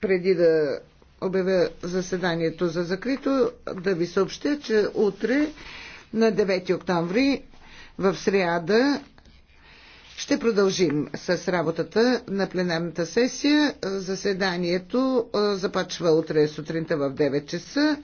преди да обявя заседанието за закрито, да ви съобщя, че утре на 9 октомври в среда ще продължим с работата на пленарната сесия. Заседанието започва утре сутринта в 9 часа.